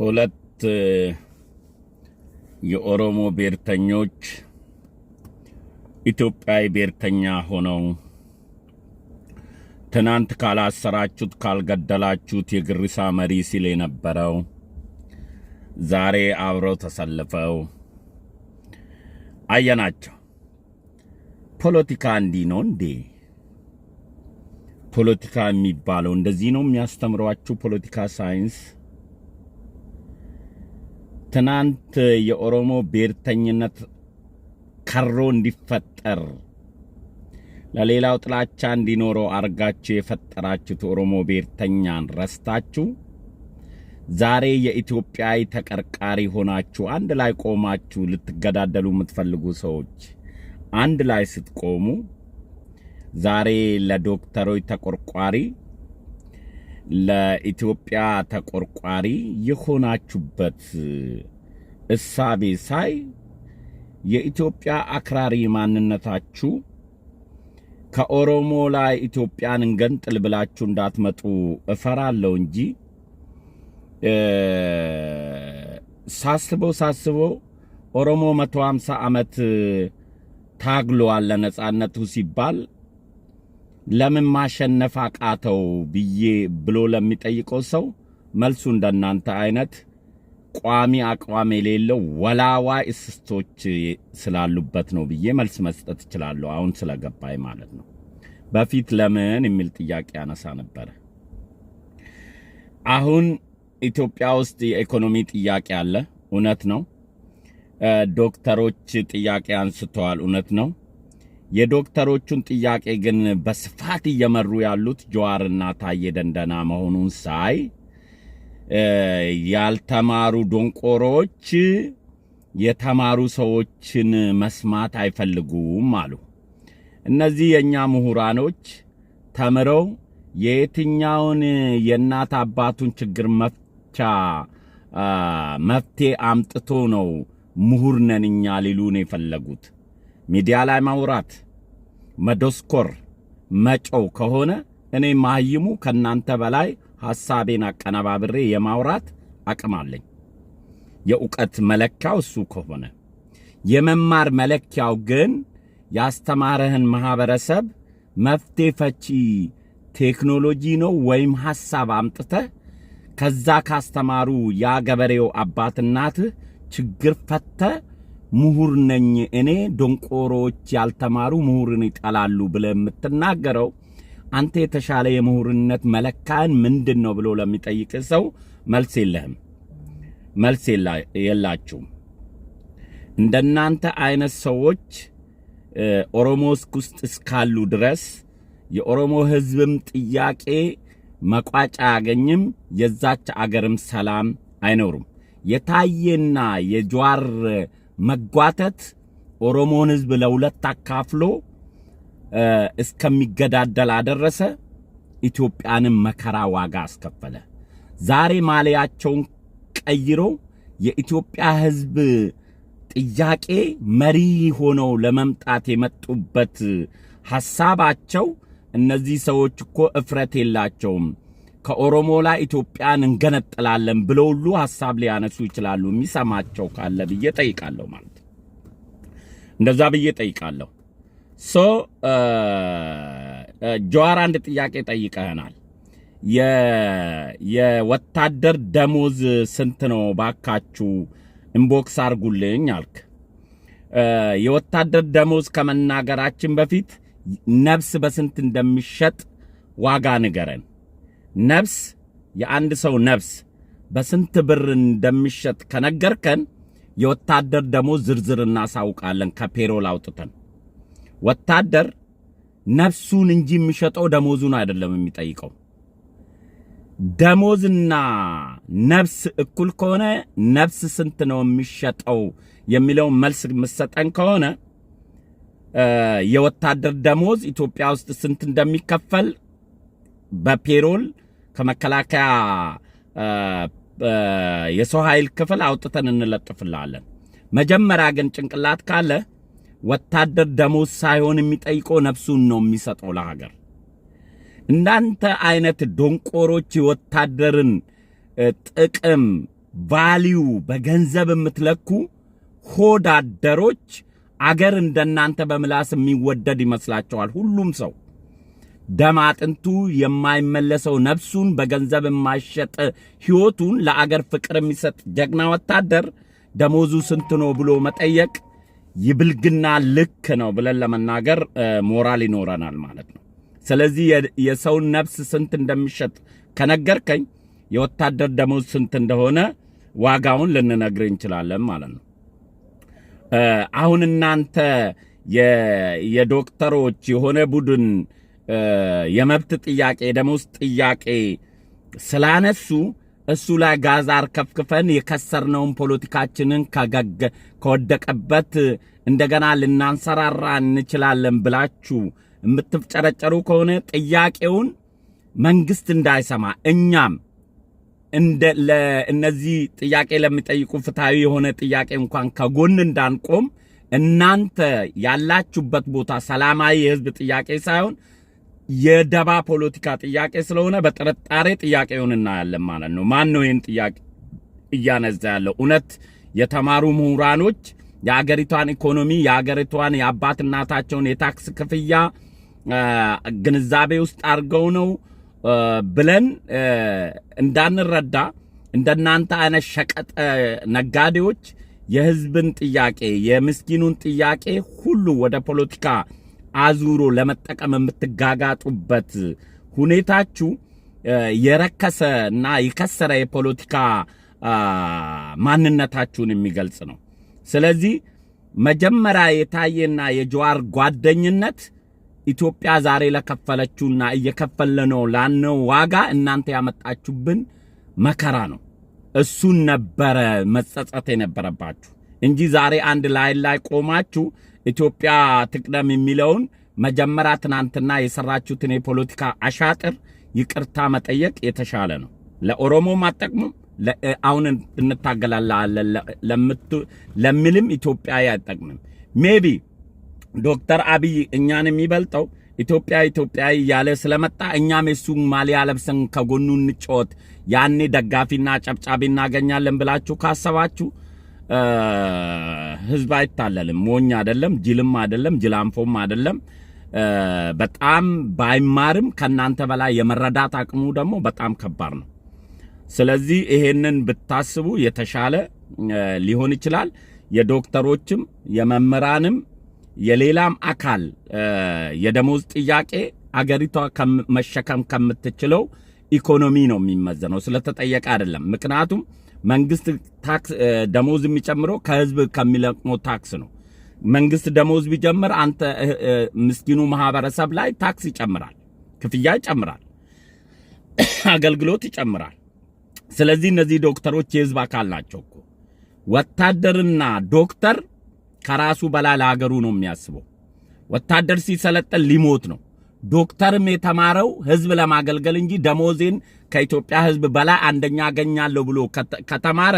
ሁለት የኦሮሞ ብሔርተኞች ኢትዮጵያዊ ብሔርተኛ ሆነው ትናንት ካላሰራችሁት ካልገደላችሁት የግርሳ መሪ ሲል የነበረው ዛሬ አብረው ተሰልፈው አየናቸው። ፖለቲካ እንዲህ ነው እንዴ? ፖለቲካ የሚባለው እንደዚህ ነው የሚያስተምሯችሁ ፖለቲካ ሳይንስ ትናንት የኦሮሞ ብሔርተኝነት ከሮ እንዲፈጠር ለሌላው ጥላቻ እንዲኖረው አርጋችሁ የፈጠራችሁት ኦሮሞ ብሔርተኛን ረስታችሁ ዛሬ የኢትዮጵያዊ ተቀርቃሪ ሆናችሁ አንድ ላይ ቆማችሁ ልትገዳደሉ የምትፈልጉ ሰዎች አንድ ላይ ስትቆሙ ዛሬ ለዶክተሮች ተቆርቋሪ ለኢትዮጵያ ተቆርቋሪ የሆናችሁበት እሳቤ ሳይ የኢትዮጵያ አክራሪ ማንነታችሁ ከኦሮሞ ላይ ኢትዮጵያን እንገንጥል ብላችሁ እንዳትመጡ እፈራለሁ እንጂ ሳስበው ሳስበው ኦሮሞ መቶ ሃምሳ ዓመት ታግሏል ለነጻነቱ ሲባል ለምን ማሸነፍ አቃተው ብዬ ብሎ ለሚጠይቀው ሰው መልሱ እንደናንተ አይነት ቋሚ አቋም የሌለው ወላዋይ እስስቶች ስላሉበት ነው ብዬ መልስ መስጠት እችላለሁ። አሁን ስለገባኝ ማለት ነው። በፊት ለምን የሚል ጥያቄ ያነሳ ነበረ። አሁን ኢትዮጵያ ውስጥ የኢኮኖሚ ጥያቄ አለ፣ እውነት ነው። ዶክተሮች ጥያቄ አንስተዋል፣ እውነት ነው። የዶክተሮቹን ጥያቄ ግን በስፋት እየመሩ ያሉት ጀዋርና ታዬ ደንደና መሆኑን ሳይ ያልተማሩ ዶንቆሮች የተማሩ ሰዎችን መስማት አይፈልጉም አሉ። እነዚህ የእኛ ምሁራኖች ተምረው የየትኛውን የእናት አባቱን ችግር መፍቻ መፍትሄ አምጥቶ ነው ምሁር ነን እኛ ሊሉን የፈለጉት። ሚዲያ ላይ ማውራት መዶስኮር መጮው ከሆነ እኔ ማህይሙ ከእናንተ በላይ ሐሳቤን አቀነባብሬ የማውራት አቅም አለኝ። የእውቀት መለኪያው እሱ ከሆነ የመማር መለኪያው ግን ያስተማረህን ማህበረሰብ መፍትሄ ፈቺ ቴክኖሎጂ ነው ወይም ሐሳብ አምጥተህ ከዛ ካስተማሩ ያ ገበሬው አባት እናትህ ችግር ፈተ ምሁር ነኝ እኔ ደንቆሮዎች ያልተማሩ ምሁርን ይጠላሉ ብለ የምትናገረው አንተ የተሻለ የምሁርነት መለካን ምንድን ነው ብሎ ለሚጠይቅ ሰው መልስ የለህም፣ መልስ የላችሁም። እንደናንተ አይነት ሰዎች ኦሮሞ ውስጥ እስካሉ ድረስ የኦሮሞ ህዝብም ጥያቄ መቋጫ አያገኝም። የዛች አገርም ሰላም አይኖሩም። የታዬና የጀዋር መጓተት ኦሮሞን ህዝብ ለሁለት አካፍሎ እስከሚገዳደል አደረሰ። ኢትዮጵያንም መከራ ዋጋ አስከፈለ። ዛሬ ማሊያቸውን ቀይሮ የኢትዮጵያ ህዝብ ጥያቄ መሪ ሆነው ለመምጣት የመጡበት ሐሳባቸው እነዚህ ሰዎች እኮ እፍረት የላቸውም ከኦሮሞ ላይ ኢትዮጵያን እንገነጥላለን ብሎ ሁሉ ሀሳብ ሊያነሱ ይችላሉ። የሚሰማቸው ካለ ብዬ ጠይቃለሁ። ማለት እንደዛ ብዬ ጠይቃለሁ። ሶ ጀዋር አንድ ጥያቄ ጠይቀህናል። የወታደር ደሞዝ ስንት ነው ባካችሁ ኢንቦክስ አርጉልኝ አልክ። የወታደር ደሞዝ ከመናገራችን በፊት ነፍስ በስንት እንደሚሸጥ ዋጋ ንገረን። ነፍስ የአንድ ሰው ነፍስ በስንት ብር እንደሚሸጥ ከነገርከን የወታደር ደሞዝ ዝርዝር እናሳውቃለን። ከፔሮል አውጥተን ወታደር ነፍሱን እንጂ የሚሸጠው ደሞዙን አይደለም የሚጠይቀው። ደሞዝና ነፍስ እኩል ከሆነ ነፍስ ስንት ነው የሚሸጠው የሚለው መልስ የምሰጠን ከሆነ የወታደር ደሞዝ ኢትዮጵያ ውስጥ ስንት እንደሚከፈል በፔሮል ከመከላከያ የሰው ኃይል ክፍል አውጥተን እንለጥፍላለን። መጀመሪያ ግን ጭንቅላት ካለ ወታደር ደሞዝ ሳይሆን የሚጠይቀው ነፍሱን ነው የሚሰጠው ለሀገር። እናንተ አይነት ዶንቆሮች የወታደርን ጥቅም ቫሊዩ በገንዘብ የምትለኩ ሆዳደሮች አገር እንደናንተ በምላስ የሚወደድ ይመስላችኋል ሁሉም ሰው። ደም አጥንቱ የማይመለሰው ነፍሱን በገንዘብ የማይሸጥ ሕይወቱን ለአገር ፍቅር የሚሰጥ ጀግና ወታደር ደሞዙ ስንት ነው ብሎ መጠየቅ ይብልግና ልክ ነው ብለን ለመናገር ሞራል ይኖረናል ማለት ነው። ስለዚህ የሰውን ነፍስ ስንት እንደሚሸጥ ከነገርከኝ የወታደር ደሞዝ ስንት እንደሆነ ዋጋውን ልንነግር እንችላለን ማለት ነው። አሁን እናንተ የዶክተሮች የሆነ ቡድን የመብት ጥያቄ የደሞዝ ጥያቄ ስላነሱ እሱ ላይ ጋዛር አርከፍክፈን የከሰርነውን ፖለቲካችንን ከወደቀበት እንደገና ልናንሰራራ እንችላለን ብላችሁ የምትፍጨረጨሩ ከሆነ ጥያቄውን መንግስት እንዳይሰማ እኛም እነዚህ ጥያቄ ለሚጠይቁ ፍትሐዊ የሆነ ጥያቄ እንኳን ከጎን እንዳንቆም እናንተ ያላችሁበት ቦታ ሰላማዊ የህዝብ ጥያቄ ሳይሆን የደባ ፖለቲካ ጥያቄ ስለሆነ በጥርጣሬ ጥያቄውን እናያለን ማለት ነው። ማን ነው ይህን ጥያቄ እያነዛ ያለው? እውነት የተማሩ ምሁራኖች የአገሪቷን ኢኮኖሚ የአገሪቷን የአባት እናታቸውን የታክስ ክፍያ ግንዛቤ ውስጥ አድርገው ነው ብለን እንዳንረዳ እንደናንተ አይነት ሸቀጥ ነጋዴዎች የህዝብን ጥያቄ የምስኪኑን ጥያቄ ሁሉ ወደ ፖለቲካ አዙሮ ለመጠቀም የምትጋጋጡበት ሁኔታችሁ የረከሰ እና የከሰረ የፖለቲካ ማንነታችሁን የሚገልጽ ነው። ስለዚህ መጀመሪያ የታየና የጀዋር ጓደኝነት ኢትዮጵያ ዛሬ ለከፈለችውና ነው ላነው ዋጋ እናንተ ያመጣችሁብን መከራ ነው። እሱን ነበረ መጸጸት የነበረባችሁ እንጂ ዛሬ አንድ ላይ ላይ ቆማችሁ ኢትዮጵያ ትቅደም የሚለውን መጀመሪያ ትናንትና የሰራችሁትን የፖለቲካ አሻጥር ይቅርታ መጠየቅ የተሻለ ነው። ለኦሮሞም አጠቅሙም አሁን እንታገላለን ለሚልም ኢትዮጵያ አይጠቅምም። ሜቢ ዶክተር አብይ እኛን የሚበልጠው ኢትዮጵያ ኢትዮጵያዊ እያለ ስለመጣ እኛም የሱ ማሊያ ለብሰን ከጎኑ እንጫወት፣ ያኔ ደጋፊና ጨብጫቢ እናገኛለን ብላችሁ ካሰባችሁ ህዝብ አይታለልም። ሞኝ አይደለም፣ ጅልም አይደለም፣ ጅላንፎም አይደለም። በጣም ባይማርም ከእናንተ በላይ የመረዳት አቅሙ ደግሞ በጣም ከባድ ነው። ስለዚህ ይሄንን ብታስቡ የተሻለ ሊሆን ይችላል። የዶክተሮችም የመምህራንም የሌላም አካል የደሞዝ ጥያቄ አገሪቷ መሸከም ከምትችለው ኢኮኖሚ ነው የሚመዘነው፣ ስለተጠየቀ አይደለም። ምክንያቱም መንግስት ታክስ ደሞዝ የሚጨምረው ከህዝብ ከሚለቅመው ታክስ ነው። መንግስት ደሞዝ ቢጀምር አንተ ምስኪኑ ማህበረሰብ ላይ ታክስ ይጨምራል፣ ክፍያ ይጨምራል፣ አገልግሎት ይጨምራል። ስለዚህ እነዚህ ዶክተሮች የህዝብ አካል ናቸው እኮ። ወታደርና ዶክተር ከራሱ በላይ ለሀገሩ ነው የሚያስበው። ወታደር ሲሰለጠን ሊሞት ነው። ዶክተርም የተማረው ህዝብ ለማገልገል እንጂ ደሞዜን ከኢትዮጵያ ህዝብ በላይ አንደኛ አገኛለሁ ብሎ ከተማረ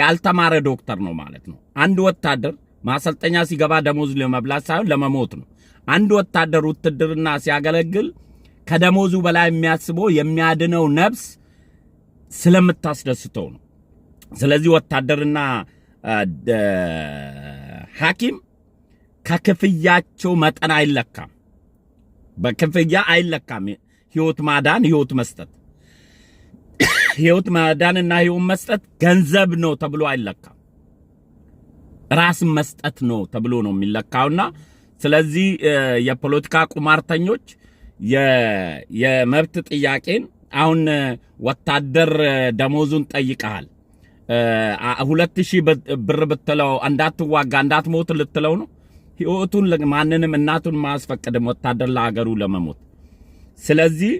ያልተማረ ዶክተር ነው ማለት ነው። አንድ ወታደር ማሰልጠኛ ሲገባ ደሞዝ ለመብላት ሳይሆን ለመሞት ነው። አንድ ወታደር ውትድርና ሲያገለግል ከደሞዙ በላይ የሚያስበው የሚያድነው ነፍስ ስለምታስደስተው ነው። ስለዚህ ወታደርና ሐኪም ከክፍያቸው መጠን አይለካም። በክፍያ አይለካም። ህይወት ማዳን፣ ህይወት መስጠት፣ ህይወት ማዳንና ህይወት መስጠት ገንዘብ ነው ተብሎ አይለካም። ራስ መስጠት ነው ተብሎ ነው የሚለካውና ስለዚህ የፖለቲካ ቁማርተኞች የመብት ጥያቄን አሁን ወታደር ደሞዙን ጠይቀሃል ሁለት ሺህ ብር ብትለው እንዳትዋጋ እንዳትሞት ልትለው ነው ህይወቱን ማንንም እናቱን ማያስፈቅድም ወታደር ለሀገሩ ለመሞት። ስለዚህ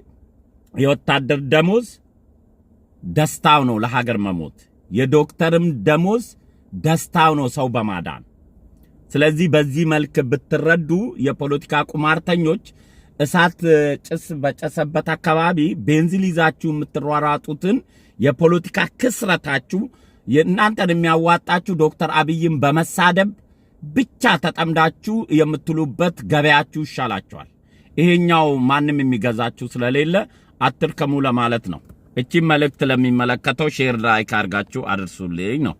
የወታደር ደሞዝ ደስታው ነው ለሀገር መሞት። የዶክተርም ደሞዝ ደስታው ነው ሰው በማዳን። ስለዚህ በዚህ መልክ ብትረዱ የፖለቲካ ቁማርተኞች እሳት ጭስ በጨሰበት አካባቢ ቤንዚን ይዛችሁ የምትሯሯጡትን የፖለቲካ ክስረታችሁ እናንተን የሚያዋጣችሁ ዶክተር አብይን በመሳደብ ብቻ ተጠምዳችሁ የምትሉበት ገበያችሁ ይሻላችኋል። ይሄኛው ማንም የሚገዛችሁ ስለሌለ አትርከሙ ለማለት ነው። እቺ መልእክት ለሚመለከተው ሼር ላይክ አድርጋችሁ አድርሱልኝ ነው።